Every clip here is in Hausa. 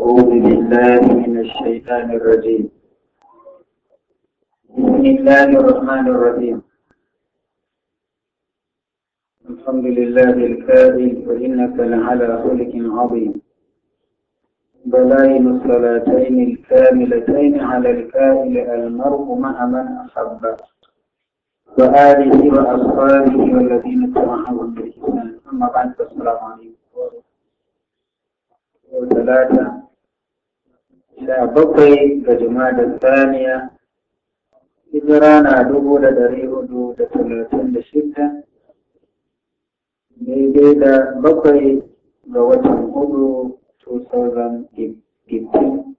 أعوذ بالله من الشيطان الرجيم بسم الله الرحمن الرحيم الحمد لله الكافي فإنك لعلى خلق عظيم بلاين الصلاتين الكاملتين على الكائن المرء مع من أحبه وآله وأصحابه والذين اتبعهم بإحسان أما بعد فالسلام عليكم ورحمة الله وبركاته إلى بكر كجماد الثانية إجرانا دبول دري هدود ثلاثين لشدة ميديدا بكر غوات الغدو توسازن كبتين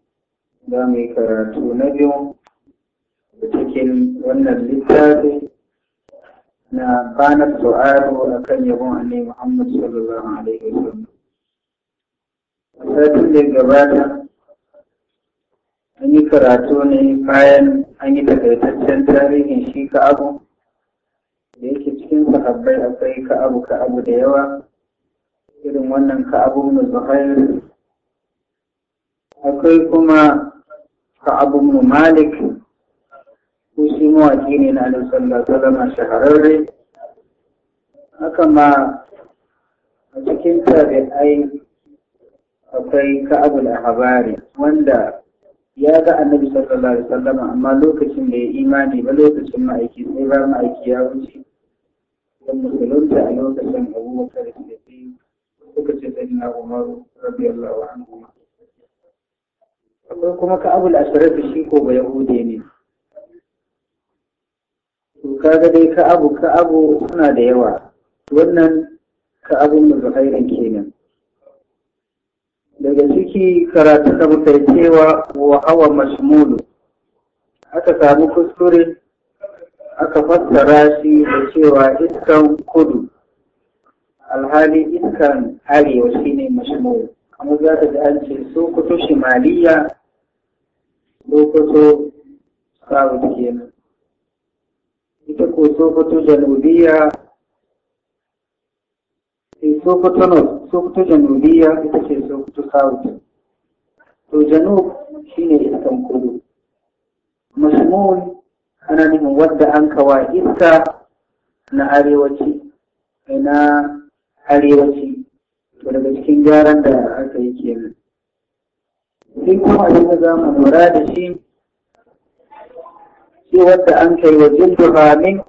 دامي كراتو نبيون بتكين ونن لتاتي نا كانت سؤال أكن يبون أني محمد صلى الله عليه وسلم أساتي لقباتا an yi karatu ne bayan an yi takaitaccen tarihin shi ka abu? da yake cikin sahabbai akwai ka abu da yawa irin wannan ka abu mu zuhair akwai kuma ka abu mu malik ko shi mawaki ne na alaihi sallallahu salama shahararre haka ma a cikin tabi'ai akwai ka abu da habari wanda ya ga annabi sallallahu alaihi wasallam amma lokacin da ya imani ba lokacin ma'aiki sai ba ma'aiki ya wuce don musulunta a lokacin abubakar da sai suka ce sai na umaru radiyallahu anhu akwai kuma ka abul da shi ko ba yahude ne to kaga dai ka abu ka abu suna da yawa wannan ka abun muzahairin kenan daga ciki karatu da muka cewa wa hawa mashmulu aka samu kuskure aka fassara shi da cewa iskan kudu alhali iskan arewa shine mashmulu kamar za ka ji an ce kuto shimaliya sokoto south kenan ita ko kuto janubiya sai kuto north sokoto janubiya ita ce sokoto south to janub shine iskan kudu mashmul ana nufin wadda an kawa iska na arewaci na arewaci to daga cikin gyaran da aka yi kenan sai kuma abin za mu lura shi shi wadda an kai wa jilduha min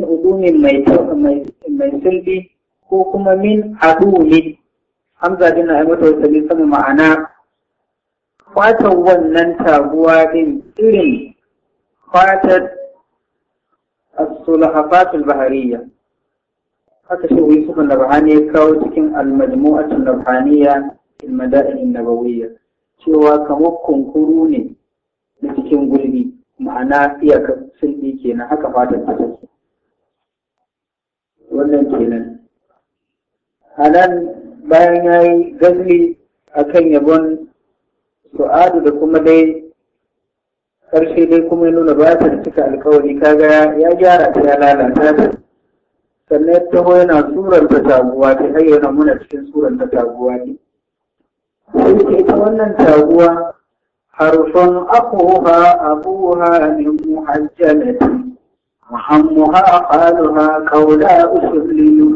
udumi mai silbi ko kuma min aduli hamza din na mata wasali sama ma'ana fatan wannan taguwa din irin fatar as-sulhafatul bahariya haka shi wani sukan labhani ya kawo cikin al-majmu'atul labhaniya fil mada'in nabawiyya cewa kamar kunkuru ne na cikin gulbi ma'ana iyakar sulbi kenan haka fatar ta wannan kenan a nan bayan ya yi gazli a kan yabon su'adu da kuma dai ƙarshe dai kuma ya nuna ba ta cika alkawari kaga ya gyara ta ya lalata ta sannan ta taho yana surar ta taguwa ta hayyana muna cikin surar ta taguwa ne sai ta wannan taguwa harfan akuha abuha min muhajjalati muhammuha qaluha qawla usulli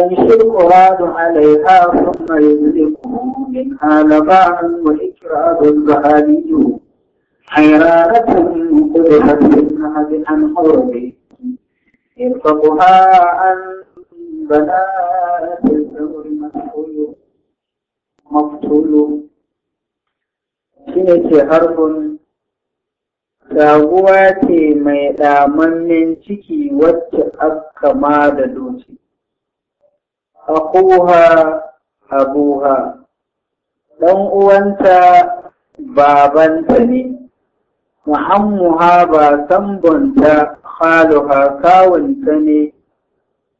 يمشي القراد عليها ثم يملكه منها لباعا وإكراد البهادي حيرانة قذفت منها حرمي عن الثور مقتول ce mai ɗamannin ciki wacce aka ma da doci. akuha abuha ɗan uwanta babanta ne muhammuha ba sambonta haluha kawunta ne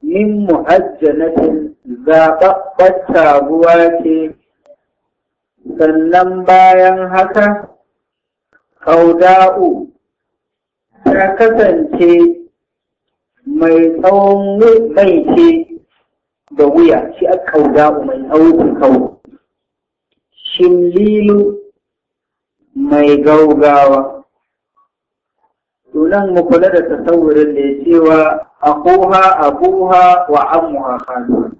min muhajjanatin zaɓaɓɓar taguwa ce sannan bayan haka ƙauda'u ta kasance mai tsawon mai ce da wuya shi a kauda mai aukin kawo shimlilu mai gaugawa tunan mu kula da tasawurin da ya cewa akuha abuha wa amuha kano.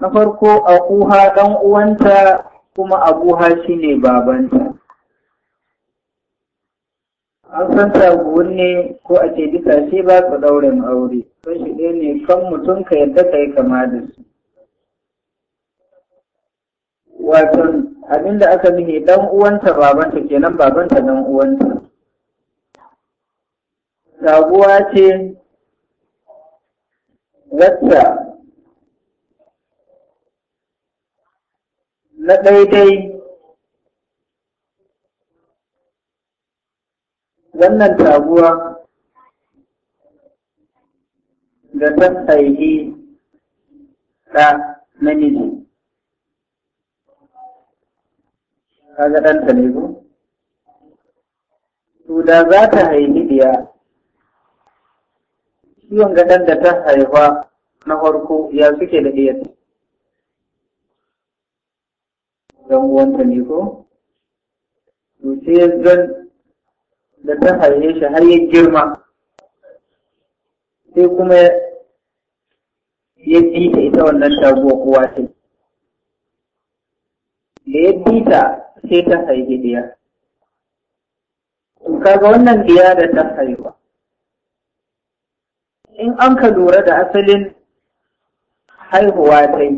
na farko akuha dan uwanta kuma abuha shine babanta an san sabuwar ne ko a ce bisa shi ba su mu aure ko shi ɗaya ne kan mutum ka yadda ka yi kama da su wato abinda aka nuhi dan uwanta babanta kenan babanta dan uwanta sabuwa ce wacce na daidai wannan taguwa da ta haihi ɗa namiji kaga ɗanta ne ko? To da za ta haihi biya ciwon gaɗan da ta haifa na farko ya suke da iya Don uwanta ne ko? To sai zan da ta haife shi har ya girma sai kuma ya bita ita wannan taguwa kowa ce da ya bita sai ta haifi diya kaga wannan biya da ta haifa in an ka lura da asalin haihuwa ta yi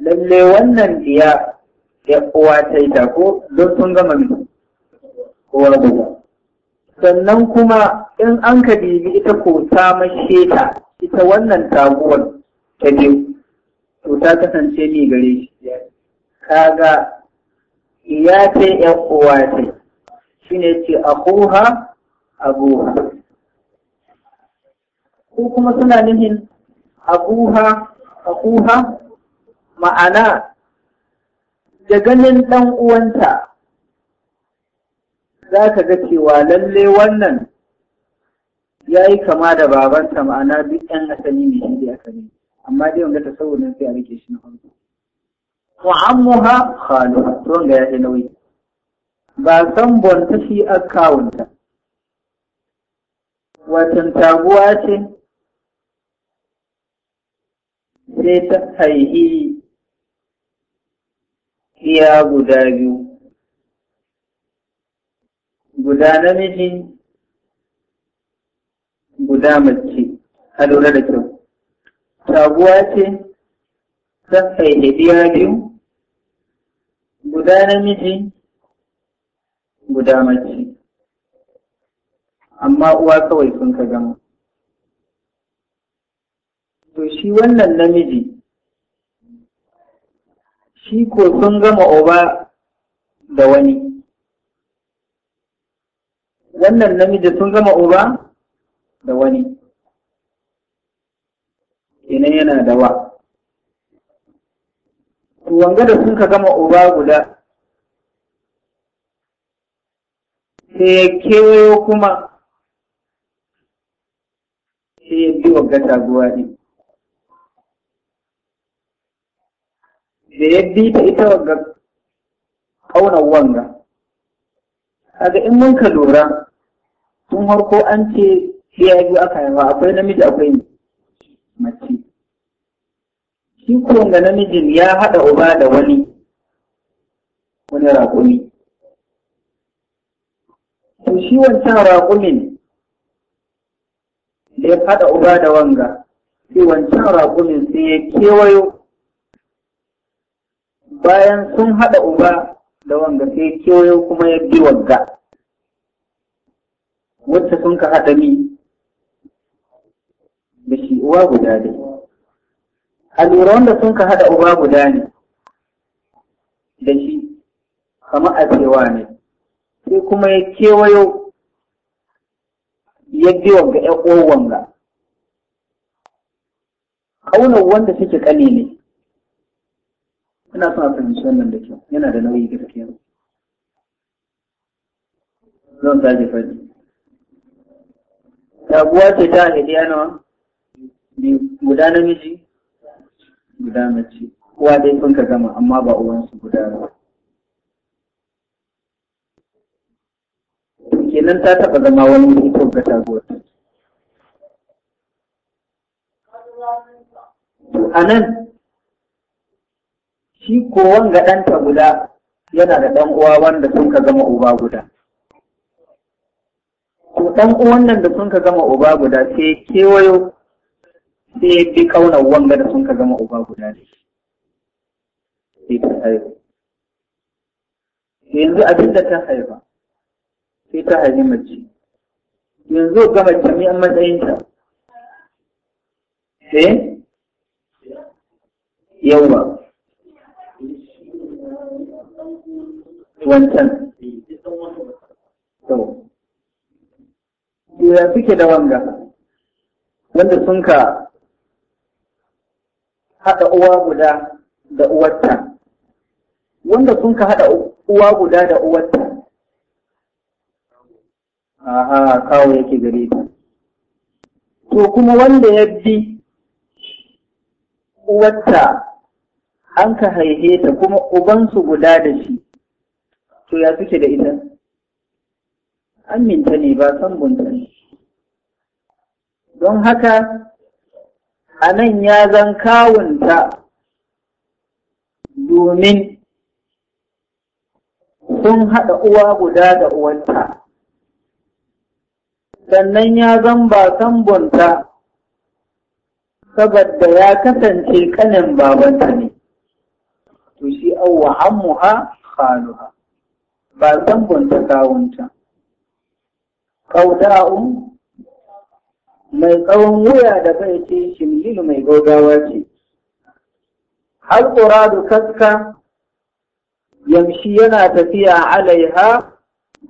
lalle wannan biya ya uwa ta yi ta ko don sun gama kowa ba. sannan kuma in an ka dibi ita ko ta mashe ta ita wannan taguwar ta biyu to ta kasance mai gare shi kaga ya ce yan uwa ce shi ne ce akuha abuha ko kuma suna nufin abuha akuha ma'ana da ganin ɗan uwanta za ka ga cewa lalle wannan ya yi kama da babansa ma'ana duk ɗan asali ne shi da asali amma dai wanda saboda sai a rike shi na farko wa ammuha khalu to wanda ya nauyi ba san bonta shi a kawunta watan taguwa ce sai ta haihi iya guda biyu guda namiji guda mace a lura da kyau taguwa ce zan haihe biya biyu guda namiji guda mace amma uwa kawai sun ka gama to shi wannan namiji shi ko sun gama oba da wani wannan namiji sun zama uba da wani kenan yana da wa wanga da sun ka gama uba guda sai ya kewayo kuma sai ya bi gata guwa ne da ya bi ta ita wagga ƙaunar wanga kaga in mun ka lura tun harko an ce ya biyu aka haifa akwai namiji akwai mace shi kuwan ga namijin ya haɗa uba da wani wani raƙumi to shi wancan raƙumin da ya haɗa uba da wanga sai wancan raƙumin sai ya kewayo bayan sun haɗa uba da wanga sai ya kewayo kuma ya bi wanga wacce sun ka haɗa ni da shi uwa guda ne a lura wanda sun ka haɗa uwa guda ne da shi kama a cewa ne sai kuma ya kewayo ya biyo ga ƙowon ga. ƙaunar wanda suke ƙane ne ina son a fahimci wannan da kyau yana da nauyi gaskiya zan sake faɗi raguwa ce ta hiliya nawa guda namiji guda mace uwa dai sun ka gama amma ba uwansu guda ba kenan ta taɓa zama wani ito ga taguwar a nan shi ko wanga ɗanta guda yana da ɗan uwa wanda sun ka zama uba guda to ɗan uwan nan da sun ka gama uba guda sai kewayo sai bi kauna wanga da sun ka gama uba guda ne sai ta haihu yanzu abin da ta haifa sai ta haifi mace yanzu ga mace mai an matsayinta eh yawa wancan ya suke da wanga wanda sun ka haɗa uwa guda da uwarta wanda sun ka haɗa uwa guda da uwarta aha kawo yake gare ta to kuma wanda ya bi uwarta an ka haihe ta kuma ubansu guda da shi to ya suke da ita aminta ne ba san bunta ne don haka a nan ya zan kawunta domin sun haɗa uwa guda da uwanta sannan ya zan ba sambonta saboda ya kasance kanin babanta ne to shi awwa hammuha khaluha ba sambonta kawunta kauda'un mai tsawon wuya da bai ce shimhilu mai gaugawa ce hal da kaska yamshi yana tafiya alaiha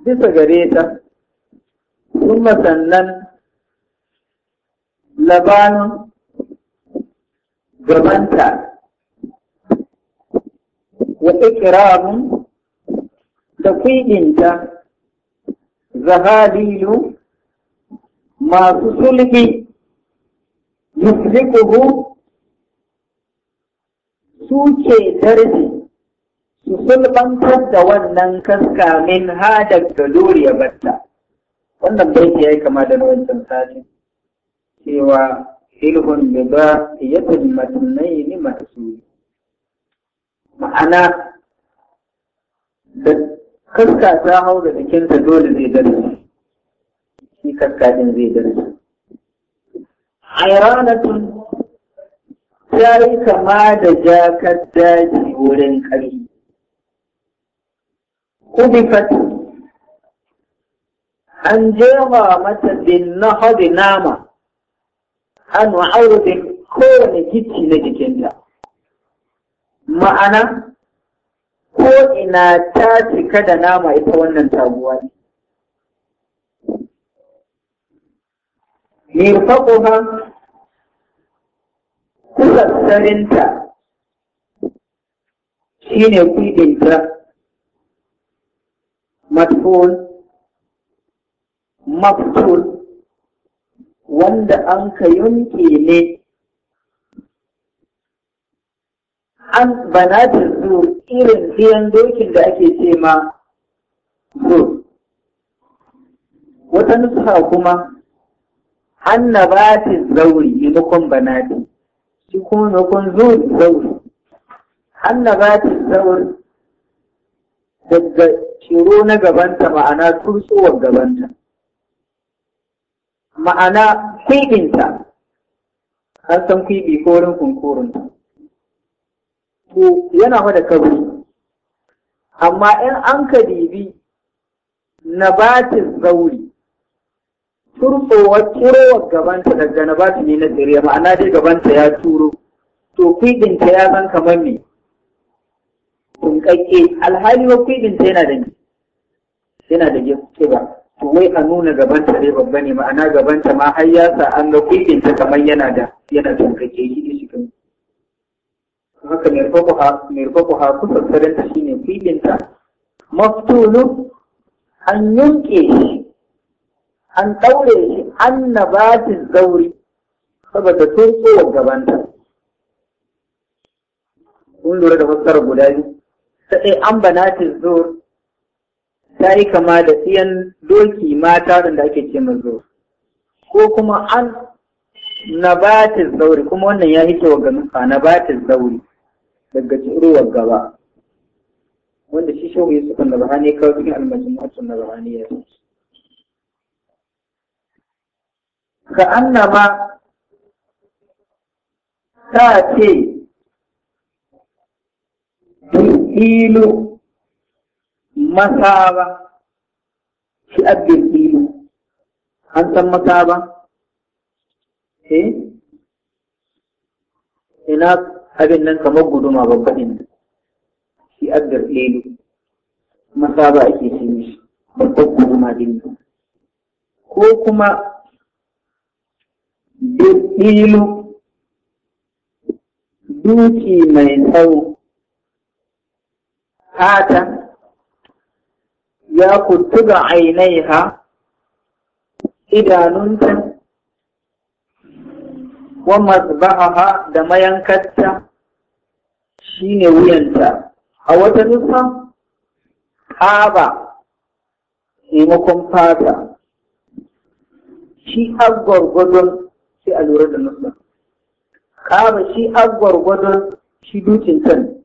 bisa gare ta kuma sannan labanin gabanta wa ikiramun da zahalilu masu sulhi yusrikuhu ke darji su sulbantar da wannan kaska min ha da doriya batta wannan baiti ya yi kama da wancan sati cewa ilhun da ba yatul matnai ni masu ma'ana da kaska ta hau da jikinta dole zai darji shi kaskadin zai darsu ayranatun ta yi kama da jakar daji wurin ƙarfi kubifat an jema mata bin nahadi nama an bin kowane gici na jikinta ma'ana ko ina ta cika da nama ita wannan taguwa ne kusa kusattarinta shine kuɗinta matful maftul wanda an ka yunke ne an banatar zu irin biyan dokin da ake ce ma zu wata nusa kuma hanna ba ta zauri imakon banadi shi kuma maimakon zuri zauri hanna ba ta zauri daga shiru na gabanta ma'ana tursowar gabanta ma'ana kwiɗinta an san kwiɗi ko wurin kunkurinta to yana da kabri amma in an ka dibi na batin zauri turowa gabanta da janabati ne na tsiriya ma'ana dai gabanta ya turo to kwidinta ya zan kamar me tunkakke alhali wa kwidinta yana da yana da kiba to wai a nuna gabanta dai babba ne ma'ana gabanta ma har ya sa an ga kwidinta kamar yana da yana tunkakke shi shi kan haka mirfaku ha kusa shi shine kwidinta maftulu an yanke shi an ɗaure shi an na shi zauri saboda sun wa gabanta kun lura da fassarar guda biyu ta ɗaya an shi zuwa ta yi kama da tsiyan doki mata da ake ce mai zuwa ko kuma an shi zauri kuma wannan ya hito wa ba shi zauri daga tsiruwar gaba wanda shi shauyi sukan da bahani kawai cikin almajin mutum na bahani ya ka annama ta ce ilu masaba shi abin ilu an san masaba eh ina abin nan kamar guduma babbaɗin shi abin ilu masaba ake shi mishi babbar guduma din ko kuma yuqilu duki mai tsawo hata ya kuttuga ha? idanunta wa mazba'aha da shi shine wuyanta a wata nufa haba maimakon fata shi har gwargwadon sai a lura da nusra kama shi an gwargwadon shi dukin can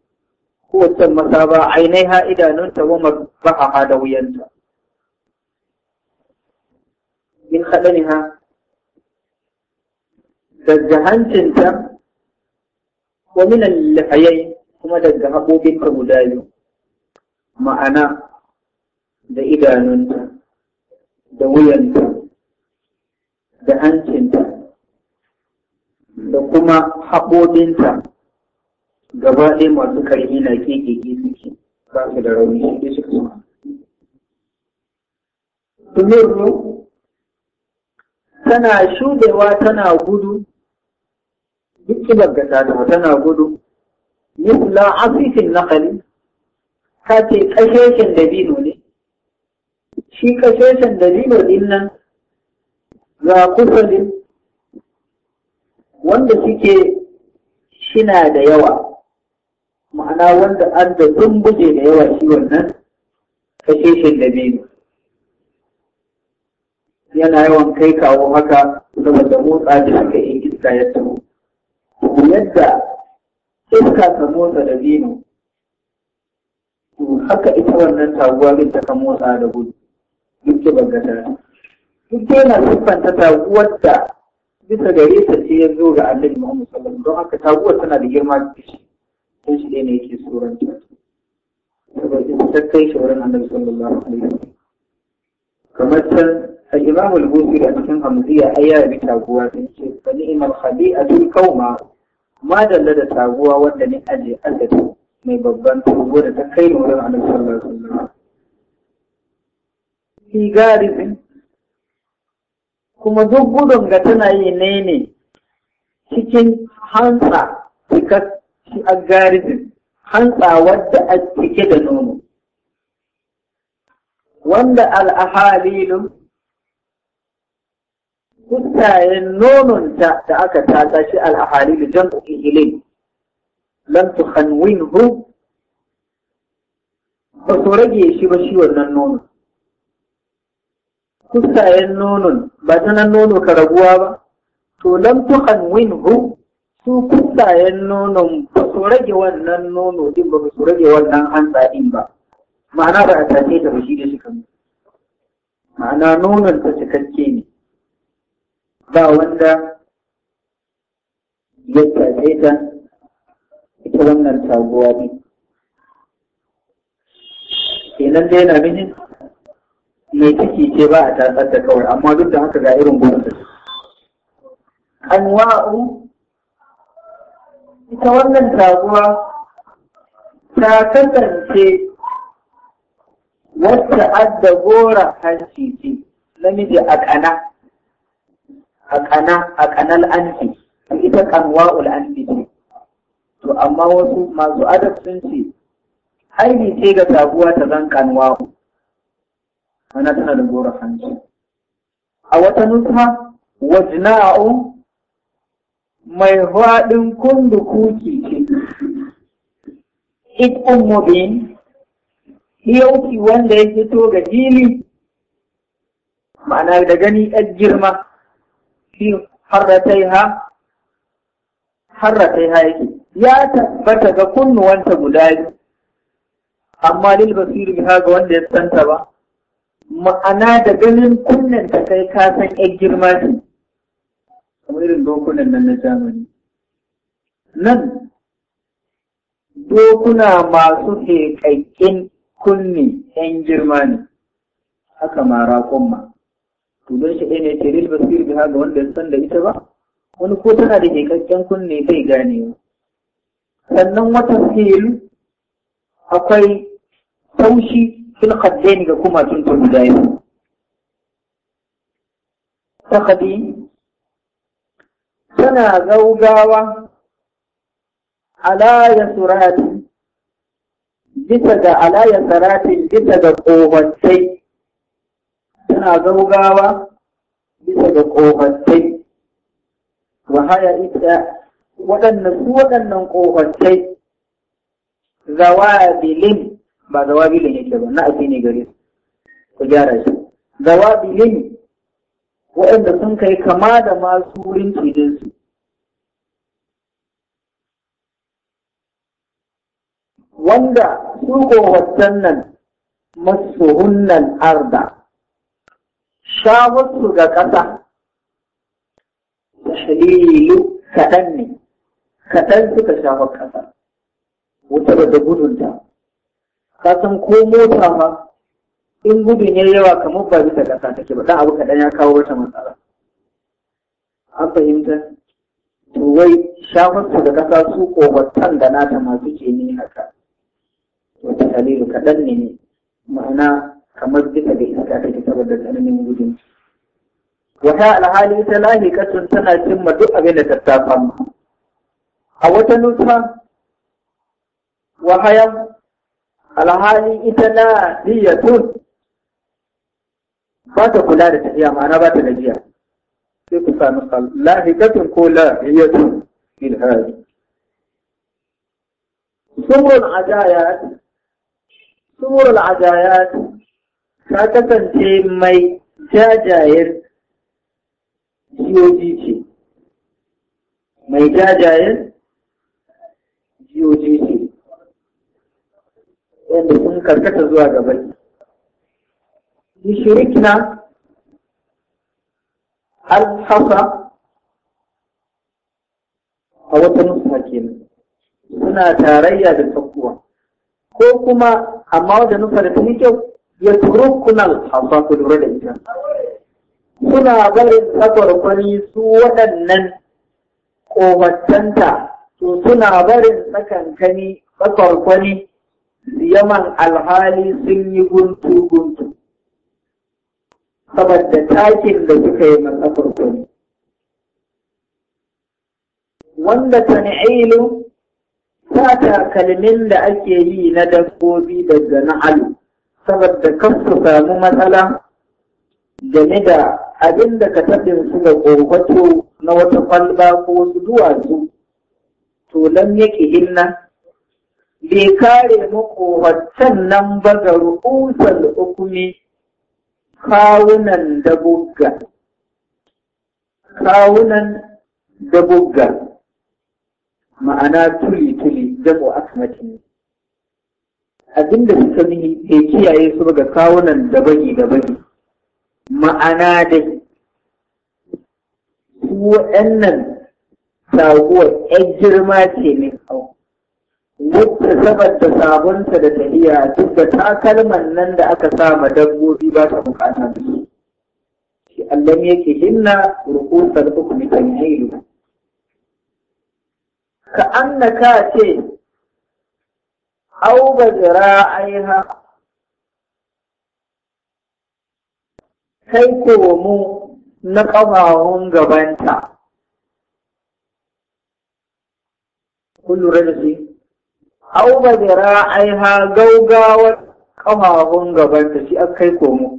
kowace masaba ainai ha idanunta wa marbaha da wuyanta min haɗaniha daga hancinta wa minan lafayai kuma daga haɓoɓinta guda biyu ma'ana da idanunta da wuyanta da hancinta da kuma haɓobinta gaba ɗaya masu karmi na kekeke suke ba su da rauni shi suka sama. Tumurru tana shudewa tana gudu duk kibar ga tana tana gudu misla asifin nakali ta ce kasheshen dabino ne shi kasheshen dabino din nan za kusurin wanda suke shina da yawa ma'ana wanda an da dumbuje da yawa shi wannan shi da biyu yana yawan kai kawo haka saboda motsa da aka in iska ya taho yadda iska ta motsa da biyu haka ita wannan taguwa bin ta motsa da gudu duk da bagata duk yana siffanta taguwar da bisa gare ta ce ya zo ga annabi Muhammad sallallahu alaihi wasallam don haka taguwar tana da girma da shi sai shi ne yake tsoron ta saboda ta kai shi wurin annabi sallallahu alaihi wasallam kamar can al-Imam al-Busiri a cikin Hamziya ai ya rabi taguwa sai ce fa ni'mal khabi'atul qauma ma dalla da taguwa wanda ne aje azati mai babban taguwa da ta kai wurin annabi sallallahu alaihi wasallam fi garizin kuma duk gudun ga tana yi ne ne cikin hantsa cikar shi hantsa wadda a cike da nono wanda al'ahalilu nonon nononta da aka tata shi al'ahalilu jam'u ihilin lam tukhanwinhu ba su rage shi ba shi wannan nono kusayen nonon ba ta nan nono ka raguwa ba to lam win hu su kusayen nonon ba su rage wannan nono din ba su rage wannan hantsa din ba ma'ana ba a tace ta ba shi da shi kan ma'ana nonon ta cikakke ne ba wanda ya tace ta ita wannan taguwa ne kenan dai na bijin mai ciki ce ba a tatsar da kawai amma duk da haka ga irin gudu anwa'u ita wannan taguwa ta kasance wacce adda gora hanci ce namiji a kana a kana a kanal ita kanwa'ul anti ce to amma wasu masu adab sun ce aini ce ga taguwa ta zan kanwa'u mana tana da goron hanci a wata nufa wajna'u mai faɗin kundu kuki ikon mubin yauki wanda ya fito ga jini? ma'ana da gani ɗan girma fi harratai ha yake ya tabbata ga kunnuwanta guda biyu amma lil basiru biha ga wanda ya santa ba ma'ana da ganin kunnen ta kai ka san yan girma ne. kamar irin dokunan nan na zamani nan dokuna masu feƙaƙƙin kunne yan girma ne haka mara, raƙon tudon shi ɗaya ne ce rilba basir biha ga wanda ya san da ita ba wani ko tana da kekakken kunne bai wa. sannan wata fil akwai taushi fil ni ga kuma tun ta guda yau sakhadi tana a ala surati, bisa ga ala surati bisa ga kohantai tana zaugawa bisa ga kohantai wahaya ita waɗannan su waɗannan zawa bilin ba bilin shi daban na addini gare su ku gyara shi waɗanda sun kai kama da masu wurin su wanda su kowaccen nan masuhunnan arda shawarsu ga ƙasa shalilu kaɗan ne kaɗan suka shafar ƙasa wutar da gudunta ka san ko mota ma in gudun ya yawa kamar ba bisa ƙasa take ba dan abu kaɗan ya kawo wata matsala an fahimta to wai shafarsu da ƙasa su ƙobattan da nata masu ke ne haka wata halilu kaɗan ne ma'ana kamar bisa ga iska take saboda tsananin gudun wata alhali ta lahiƙatun tana cimma duk abin da ta a wata nusa wahaya alhali ita na niyyatun ba ta kula da tafiya ma'ana ba ta gajiya sai ku sami lahikatun ko lahiyatun fil hali sumurul ajayat sumurul ajayat ta kasance mai jajayen jiyoji ce mai jajayen yadda sun karkata zuwa ga baki yushrikna al-hasa a wata nusa kenan suna tarayya da tsakuwa ko kuma amma wanda nufa da tafi kyau ya turo kuna hasa ku lura da ita suna barin tsakwarkwani su waɗannan ƙomatanta to suna barin tsakankani tsakwarkwani liyaman alhali sun yi guntu-guntu saboda takin da suka yi masa farko wanda tan'ilu ta takalmin da ake yi na dabbobi daga na'alu saboda kan su samu matsala game da abin da ka taɓin su da ƙoƙato na wata kwalba ko wasu duwatsu to lam yake hinna bai kare muku waccan nan ba ga ru'usal hukumi kawunan da bugga kawunan da bugga ma'ana tuli-tuli jamo Abin abinda suka nihi ke kiyaye su ga kawunan da bagi da bagi ma'ana dai su waɗannan saguwar ‘yan girma ce ne kawo yadda sabar da sabonta da tahiya duk da takalman nan da aka sa ma dabbobi ba ta bukata da su shi Allah yake hinna rukusar hukumi kan hailu ka ka ce au bazira aiha kai ko mu na ƙafafun gabanta Kullu lura au ba zira'aiha gaugawar ƙafafun ta, shi aka kai komo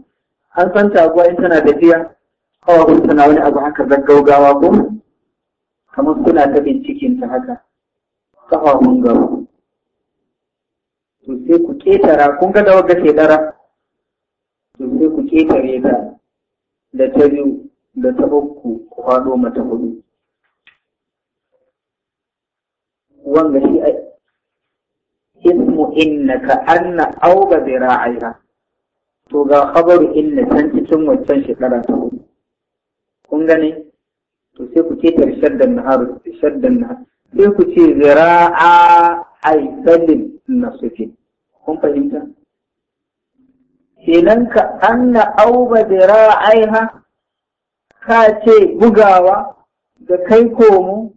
an san taguwa in tana tafiya ƙafafun tana wani abu haka zan gaugawa ko kamar kuna ta cikin ta haka ƙafafun gaba to sai ku ƙetara kun ga da wagga shekara to sai ku ƙetare ta da ta biyu da ta uku ku kwano mata hudu wanda shi ismu ka anna au ra'ayi zira'aiha to ga khabaru inna can cikin wancan shekara ta hudu kun gane to sai ku ce tarshar da haru tarshar da sai ku ce zira'a aisalin suke, kun fahimta kenan ka anna au ra'ayi zira'aiha ka ce bugawa da kai komo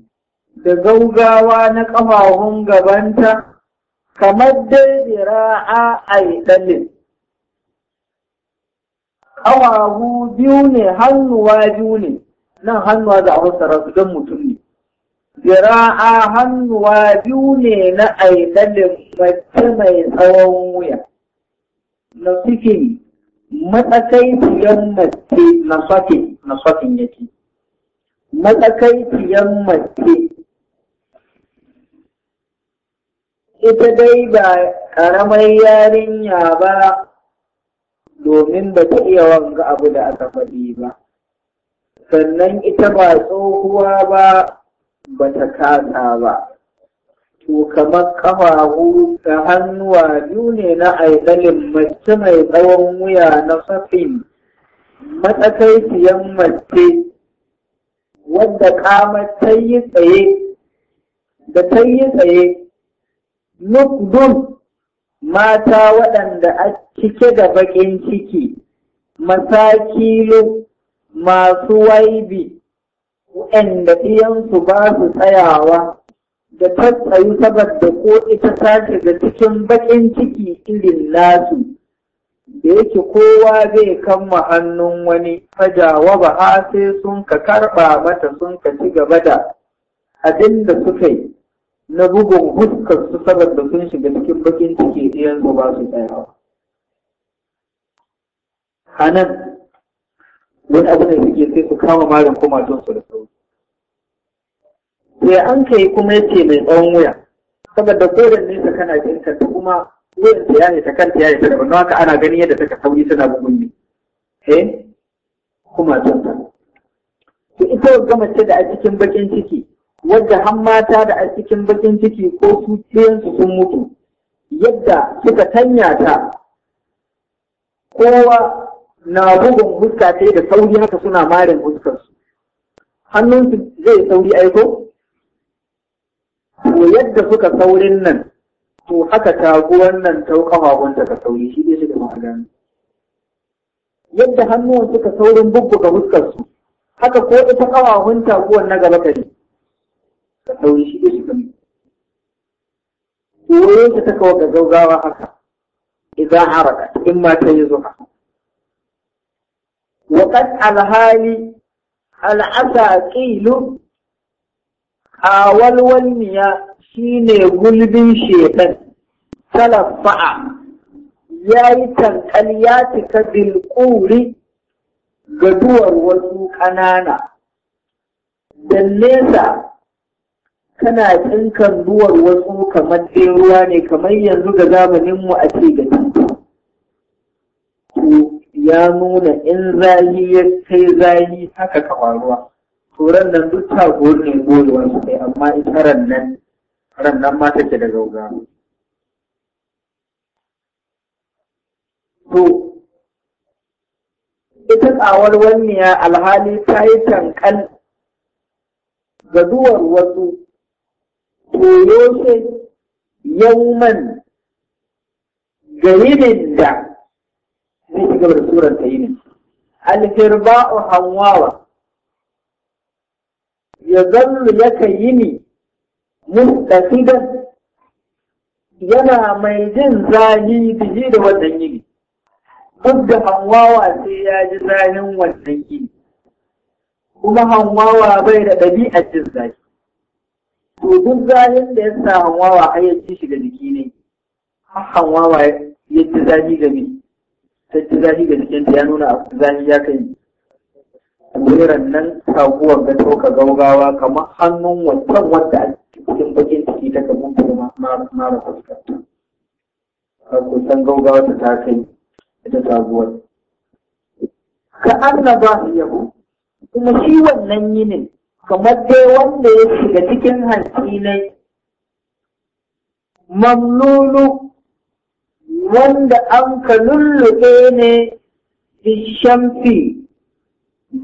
da gaugawa na ƙafafun gabanta kamar dai bira'a a yi ɗalin. Ƙawahu biyu ne hannuwa biyu ne, nan hannuwa za a fassara su don mutum ne. a hannuwa biyu ne na aidalin mace mai tsawon wuya. Na suke matsakaiciyan mace na sakin yake. Matsakaiciyan mace ita dai ba ƙaramar yarinya ba domin ba ta iya wanga abu da aka faɗi ba sannan ita ba tsohuwa ba ba ta kasa ba to kamar ƙafafu da hannuwa biyu ne na aizalin mace mai tsawon wuya na safin matsakaiciyan mace wadda kamar ta yi tsaye da ta yi tsaye nukdun mata waɗanda a cike da baƙin ciki masakilu masu waibi waɗanda ɗiyansu ba su tsayawa da tattsayi saboda ko ita sace ga cikin baƙin ciki irin nasu da yake kowa zai kama hannun wani fajawa ba sai sun ka karɓa mata sun ka ci gaba da abin da suka yi na bugun huskar su da sun shiga cikin bakin ciki ɗayan su ba su tsayawa hanan wani abu ne suke sai su kama marin kumatun su da sauri sai an kai kuma yake mai tsawon wuya saboda koren nesa kana jinta da kuma wuyan ta yaye ta ta yaye ta daban haka ana gani yadda ka sauri tana bugun ne eh kumatun ta ita gama ce da a cikin bakin ciki wadda han mata da a cikin bakin ciki ko su sun mutu yadda suka tanya ta kowa na bugun huska ta da sauri haka suna marin huskarsu hannunsu zai sauri aiko to yadda suka saurin nan to haka taguwan nan ta kafafunta ka sauri shi ne shi da yadda hannuwan suka saurin bubbuga huskarsu haka ko ita kafafun taguwan na gaba ta ne ka ɗaure shi da shi ka ta ta kawo ga haka idan haraka in ma ta yi zuwa وقد الهالي al'asa ƙilu a walwalmiya shi ne gulbin shekan talafa'a ya yi tankal ya cika bilƙuri ga duwar wasu ƙanana da nesa kana tsinkan zuwar wasu kamar ɗin ruwa ne kamar yanzu ga zamaninmu a ce ga ya nuna in zahi ya kai zahi haka kawaruwa ruwa turan nan duk ta ne gorewa su kai amma ita ran nan ran nan ma take da gauga to ita tsawar wanniya alhali ta yi tankan ga duwar wasu koyo ce yauman garinin da zai ci da surar ta yi ne. Alfirba'u hanwawa ya zallu yaka yi ne muhtasidan yana mai jin zani fiye da wannan yini. Duk da hanwawa sai ya ji zanin wannan yini. Kuma hanwawa bai da ɗabi'a jin zani. to duk zalin da ya sa hanwawa ai ya ci shi da jiki ne hanwawa ya ci zafi ga me ta ci zafi ga jikinta ya nuna a zafi ya kai wurin nan sabuwar ga ɗauka gaugawa kamar hannun wancan wanda a cikin bakin ciki ta kabin kuma mara fuska ta kusan gaugawa ta ta kai ita sabuwar ka annaba yahu kuma shi wannan yinin kamar dai wanda ya shiga cikin hanci ne mamlulu wanda an ka lullube ne bishamfi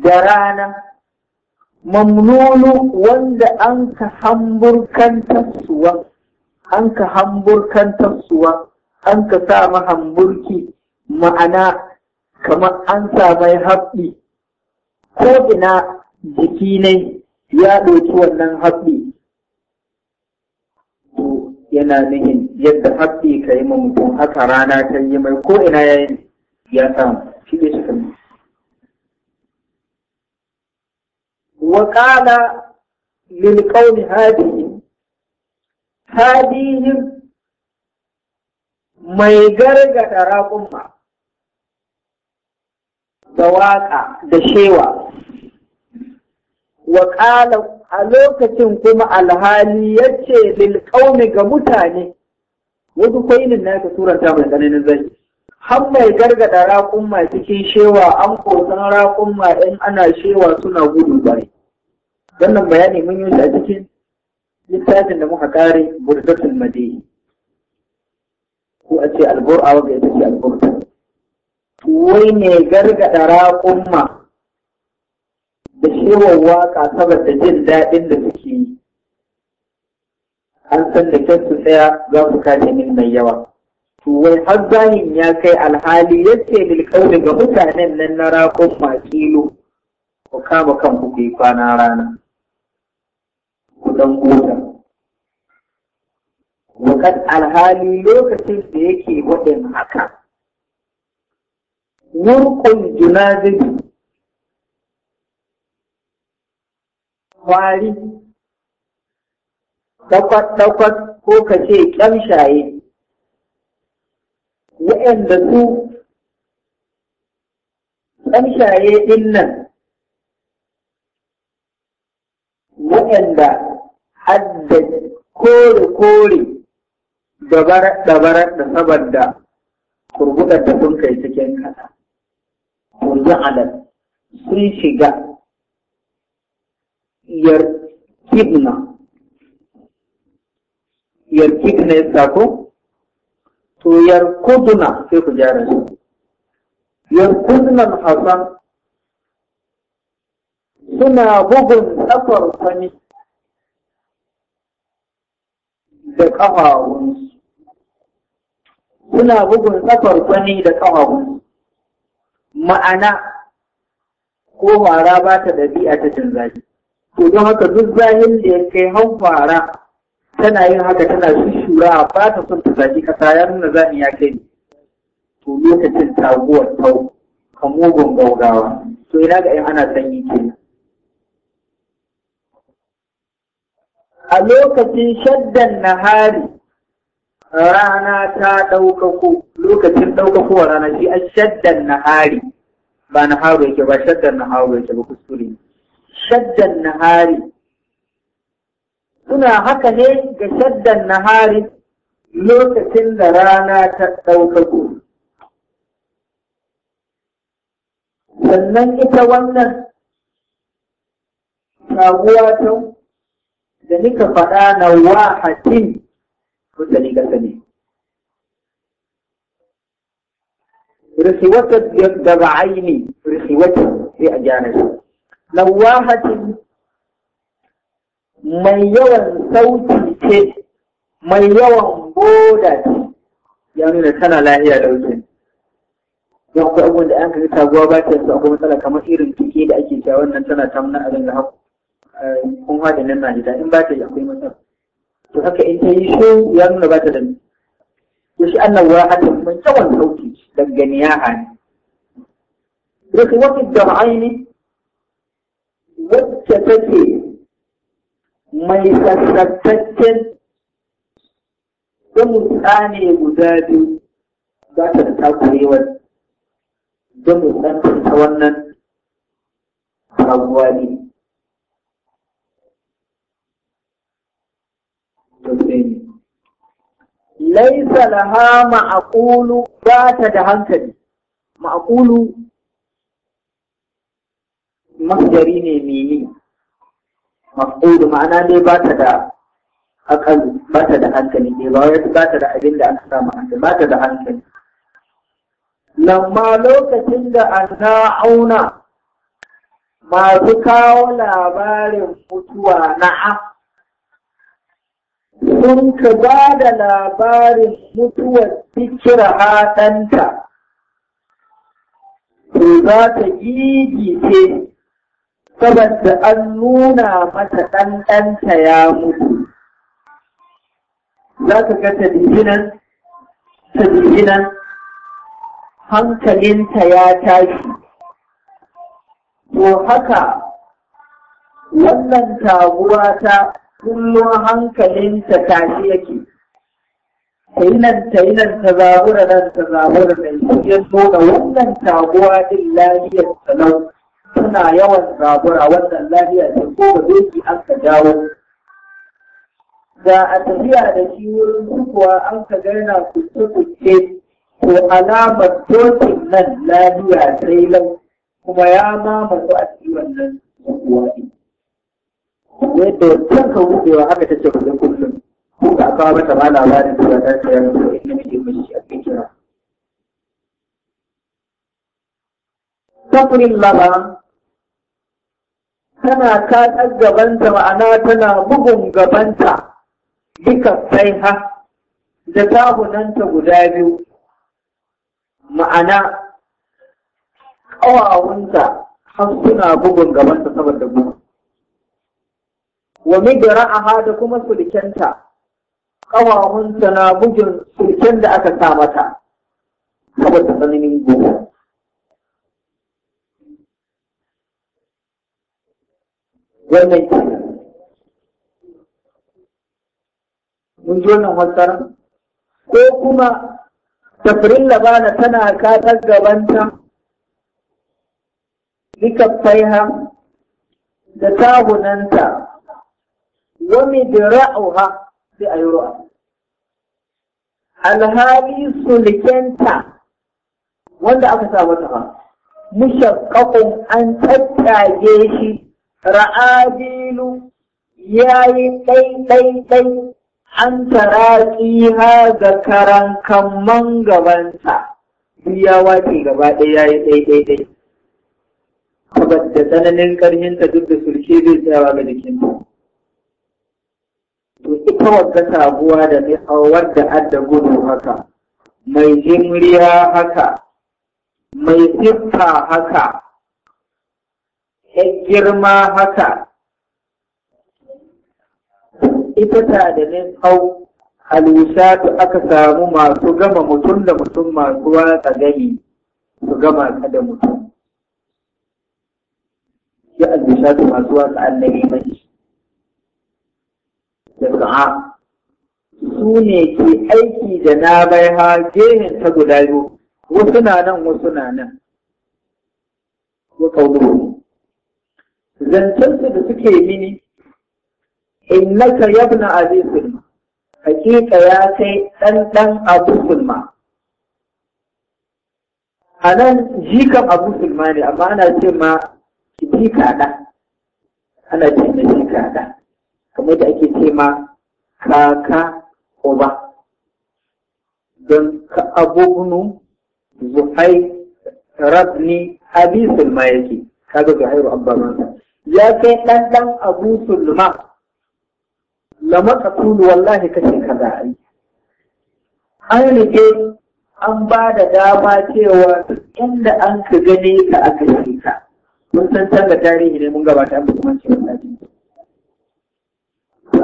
da rana mamlulu wanda an ka hamburkan tasuwa an ka hamburkan tasuwa an ka sa hamburki ma'ana kamar an sa mai haɓɓi ko ina jiki ne ya ɗauki wannan haɓɓi, to yana nihin yadda haɓɓi ka yi mamakon haka rana ta yi mai ko ina ya yi ya samu shi ne shi kan wa qala lil qawli hadihim hadihim mai gargada raƙumma da waƙa da shewa wa ƙala a lokacin kuma alhali ya ce lilƙaumi ga mutane wasu kwainin na ka ta mai tsananin zai han mai gargada raƙumma cikin shewa an kosan raƙumma in ana shewa suna gudu bai wannan bayani mun yi a cikin littafin da muka kare burdatul madihi ko a ce albur'a wanda ita ce albur'a wai ne gargada raƙumma da ciwon waka saboda jin daɗin da suke yi an san da kyan su tsaya za su kashe min mai yawa to wai har zahin ya kai alhali yace lil qawli ga mutanen nan na raƙon makilo ku kama kan ku kai kwana rana ku dan gota wakat alhali lokacin da yake waɗin haka wurkun junazin kwari ɗaukwat-ɗaukwat ko ka ce ƙyamshaye waɗanda su ƙyamshaye ɗin nan waɗanda hadda kore-kore dabarar da saboda kurbuɗar da sun kai cikin kasa. Kunzu alal sun shiga yarkibna yarkibna ya sako to yarkuduna sai ku gyara shi yarkudunan hasan suna bugun safar kwani da ƙafafunsu suna bugun da ma'ana ko mara ba ta ɗabi'a ta cin zafi to don haka duk zahin da ya kai hau fara tana yin haka tana shura ba ta son ta zaki kasa ya nuna zani ya kai to lokacin taguwar tau ka mugun gaugawa to ina ga in ana sanyi kenan a lokacin shaddan hari rana ta ɗaukako lokacin ɗaukakowa rana shi a shaddan na hari. ba naharu yake ba shaddan na naharu yake ba kuskure ne shaddan nahari suna haka ne ga shaddan nahari lokacin da rana ta ɗaukako sannan ita wannan sabuwa ta da nika faɗa na wahatin wanda ni sani risiwatar da ba'aini risiwatar sai a gyara lawahatin mai yawan sauti ce mai yawan boda ce ya nuna tana lahiya wuce. ya kuwa abubuwan da an kai taguwa ba ta yanzu akwai matsala kamar irin tuke da ake cewa wannan tana tamna a ringa haku eh, kun hada nan na gida in ba ta yi akwai matsala to haka in ta yi shi ya nuna ba ta da ni ya shi an annan wa'atin mai yawan sauti daga niyaha ne. Rikin wasu jama'ai ne wacce take mai sassattaccen tsamutsa tsane guda biyu za ta da takurewar don ta wannan sabuwa ne. Laisa laha ma'akulu ba ta da hankali, ma'akulu masjari ne mimi Maƙudu ma'ana dai ba ta da hankali ba ta da hankali ne ba wai ba ta da abin da aka samu hankali ba ta da hankali lamma lokacin da ta auna masu kawo labarin mutuwa na na'am sun ka ba da labarin mutuwar fikira haɗanta, to za ta ce saboda an nuna mata ɗanɗanta ya mutu za ka ga ta tabihinan hankalinta ya tashi to haka wannan taguwa ta kullum hankalinta tashi yake ta yi nan ta yi nan ta zaɓura nan ta zaɓura nan ya so da wannan taguwa din lafiyar salon. suna yawan zagura wannan lafiya ce ko ba doki an ka dawo da a tafiya da shi wurin sukuwa an ka gaina kuce-kuce ko alamar tokin nan lafiya sai lau kuma ya mamatu a cikin wannan sukuwa ne. Yadda can ka buɗewa haka ta ce kullum kullum ko ka kawo mata ba labarin da ta a ya mutu inda mutum shi a kira. تقري labaran tana kaɗar gabanta ma'ana tana bugun gabanta duka sai ha da tahunanta guda biyu ma'ana ƙawawunta har suna bugun gabanta saboda bugun wa migra'aha da kuma sulkenta ƙawawunta na bugun sulken da aka sa mata saboda tsananin bugun wannan kenan mun ji wannan fassara ko kuma tafirin labana tana katar gabanta faiha da tahunanta wa midra'uha sai a yi ru'a alhali sulikenta wanda aka sa mata mushaqqaqun an tattage shi ra'adilu ya yi ɗai-ɗai-ɗai an taraki ha ga karan kamman gabanta duk ya wace gaba ɗaya ya yi ɗai-ɗai-ɗai tsananin ƙarfinta duk da surke zai tsayawa ga jikinta to ita wata sabuwa da mai awar da adda gudu haka mai jimriya haka mai siffa haka ‘yan girma haka, ita ta da nin hau halusatu aka samu masu gama mutum da mutum masu watsa gani su gama ka da mutum. Ya albishatu masu wata annabi mai da sa'a. Ah, su ne ke aiki da na bai ha gehen ta guda biyu, wasu na nan wasu na nan. Wa kauluhu zantarsu da suke mini innaka yabna abi sulma hakika ya kai dan dan abu sulma a nan jikan abu sulma ne amma ana ce ma jika da ana ce ma jika da kamar da ake ce ma kaka uba don ka abubunu zuhai rabni abi sulma yake kaga zuhairu abba mansa ya kai ɗan ɗan abu sulma lama ka tulu wallahi kashe ka za a yi an rike an ba da dama cewa inda an ka gani ka aka yi ka mun san canza tarihi ne mun gabata an bukuman ce wallahi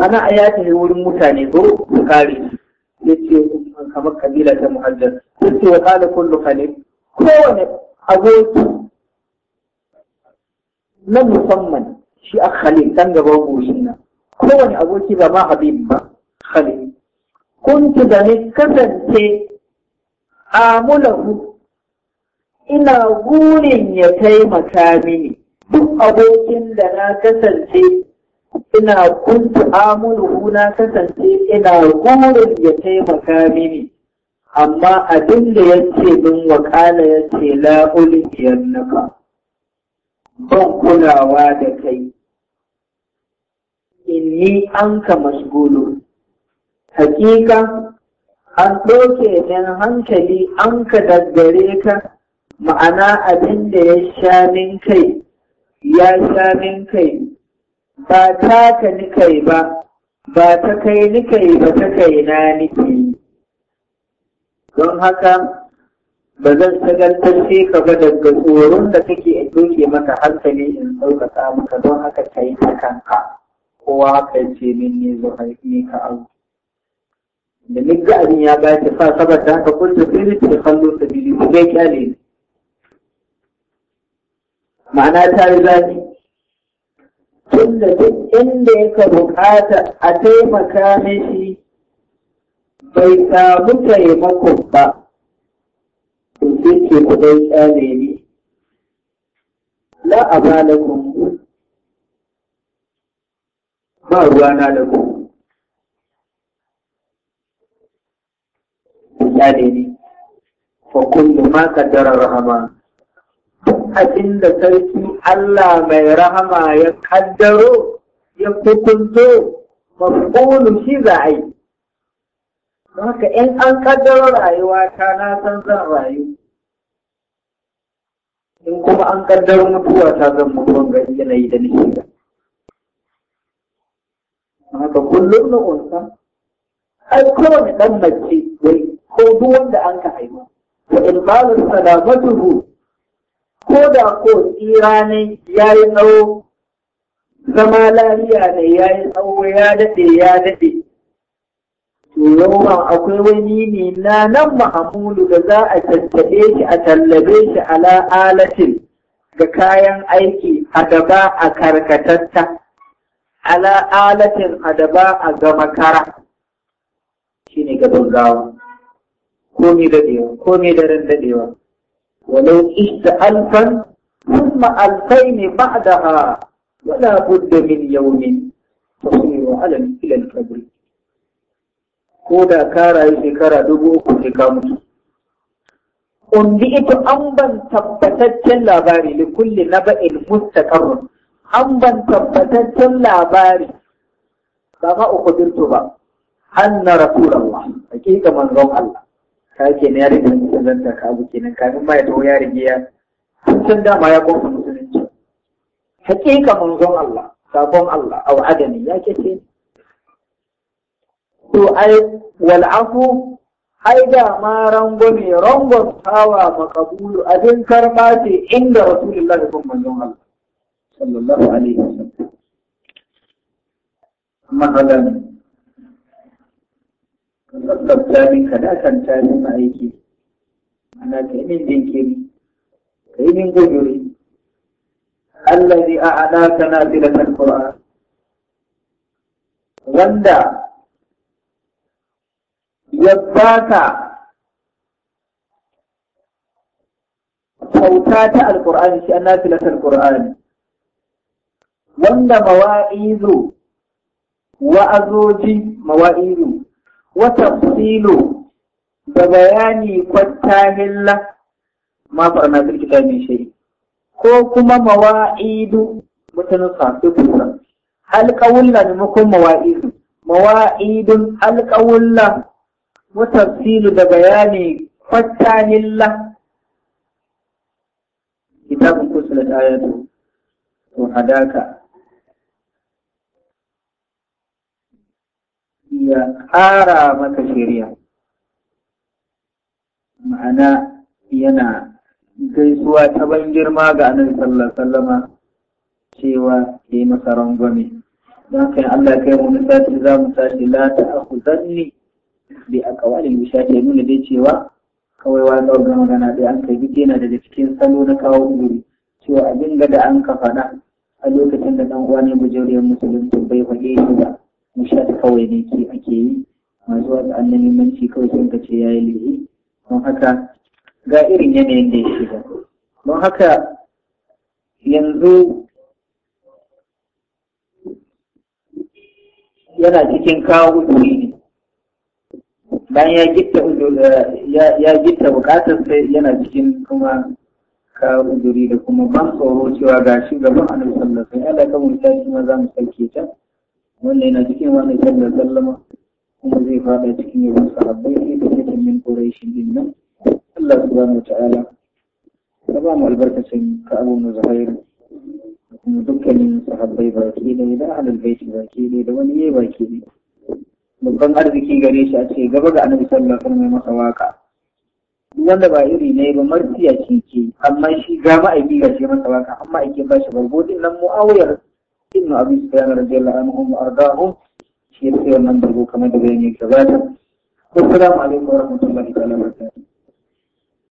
ana a ya tafi wurin mutane ko su kare ya ce kamar kabila ta muhajjar ya ce wa kala kullu kowane abokin na musamman shi a khalil ɗan gaban goshi na kowane aboki ba ma habib ba khalil kuntu da ne kasance amulahu ina gurin ya taimaka mini duk abokin da na kasance ina kuntu amuluhu na kasance ina gurin ya taimaka mini amma abin da ya ce min wakala ya ce la'ulin yannaka ban kulawa da kai ni an ka masgulu hakika an ɗauke ɗin hankali an ka daggare ka ma'ana abin da ya sha min kai ya sha min kai ba ta ka ni kai ba ba ta kai ni kai ba ta kai na nike don haka ba zan sagantarce ka ba daga tsoron da kake doke maka hankali in ɗaukaka maka don haka ka yi ta ko kowa ka ce min ne zo ne ka abu da ga abin ya ba ta sa saboda haka kun da sirri ta kallo ta biyu ku dai kyale ne ma'ana ta yi zafi tun da duk inda yaka bukata a taimaka mishi bai samu taimakon ba ce ku dai tsare ni la a ba da ku ba ruwana da ku tsare ni fa kullu ma kaddara rahama abin da sarki Allah mai rahama ya kaddaro ya hukunto mafulu shi za a yi. Maka ’yan an kaddaro rayuwa ta na san zan rayu. in kuma an kaddar mutuwa ta zan mutuwan gari yanayi da nake da haka kullum na unsa ai kowane ɗan mace wai ko duk wanda an ka haihu wa ilmalin salamatuhu ko da ko tsira ne ya yi tsawo zama lafiya ne ya yi tsawo ya daɗe ya daɗe to yauma akwai wani ne na nan ma'amulu da za a tattaɓe shi a tallabe shi ala alatin ga kayan aiki a daba a karkatatta ala alatin a daba a gama kara shi ne gaban gawa komi daɗewa ne daren daɗewa walau ishta alfan ne ثم ألفين بعدها ولا بد من يوم تصير على إلى kabri ko da ka rayu shekara dubu uku sai ka mutu undi ita an ban tabbataccen labari li kulli naba'in mustaqarrun an ban tabbataccen labari ba ma uku birtu ba anna rasulallah, hakika manzon Allah ka ke ne ya rige musulunta ka abu kenan kafin ma ya tawo ya rige ya sun dama ya kofa musulunci hakika manzon Allah sabon Allah au adami ya ke ce to ai wal'afu ai da ma rangwame rangon tawa makabulu abin karɓa ce inda rasulullah da kuma manzon Allah sallallahu alaihi wasallam matsalan ka tsabta min ka dakanta ma aiki ana ka yi min jinkiri ka yi min guduri allazi a'adaka na filatar qur'an wanda ya baka kyauta ta alƙur'ani shi an nafilatar wanda mawa'izu wa'azoji mawa'izu wata filo da bayani hilla ma farna birkita mai shi ko kuma mawa'idu mutanen safi kura alƙawulla ne mawa'idu mawa'idun alƙawulla da ده بياني فتان الله كتاب فصلت آياته وحداك ya ƙara maka shari'a ma'ana yana gaisuwa ta ban girma ga anan sallallahu sallama cewa ya yi masa rangwame kai Allah kai mu misali za mu tashi la aku zanni bi aqwalil mushahidi nuna dai cewa kawai wani ɗaukar magana ɗaya an kai duk yana daga cikin salo na kawo guri cewa abin ga da an kafa na a lokacin da ɗan uwa ne bujauriyar musulunci bai faɗe shi ba mushahidi kawai ne ke ake yi masu wasu annabi manci kawai sun ka ce ya yi lihi don haka ga irin yanayin da ya shiga don haka yanzu yana cikin kawo guri ne bayan ya gitta eh, ya gitta bukatar sai yana cikin kuma ka uduri da kuma ban tsoro cewa ga shi gaban annabi sallallahu alaihi wasallam Allah ka mun tashi ma mu sauke ta wannan yana cikin wannan sallallahu alaihi wasallam kuma zai fada cikin yawan sahabbai sai da cikin min ƙorashin din nan Allah subhanahu wataala ka ba mu albarkacin ka abu na zahir kuma dukkanin sahabbai baki ne da ahlul bait baki ne da wani yayi baki ne babban arziki gare shi a ce gaba ga annabi sallallahu alaihi wasallam masa waka wanda ba iri ne ba martiya ce ke amma shi ga ma'aiki ga shi masa waka amma ake ba shi barbo din nan mu'awiyar ibn abi sufyan radiyallahu anhu ardahum shi ya ce wannan barbo kamar da bayani gabata assalamu alaikum warahmatullahi ta'ala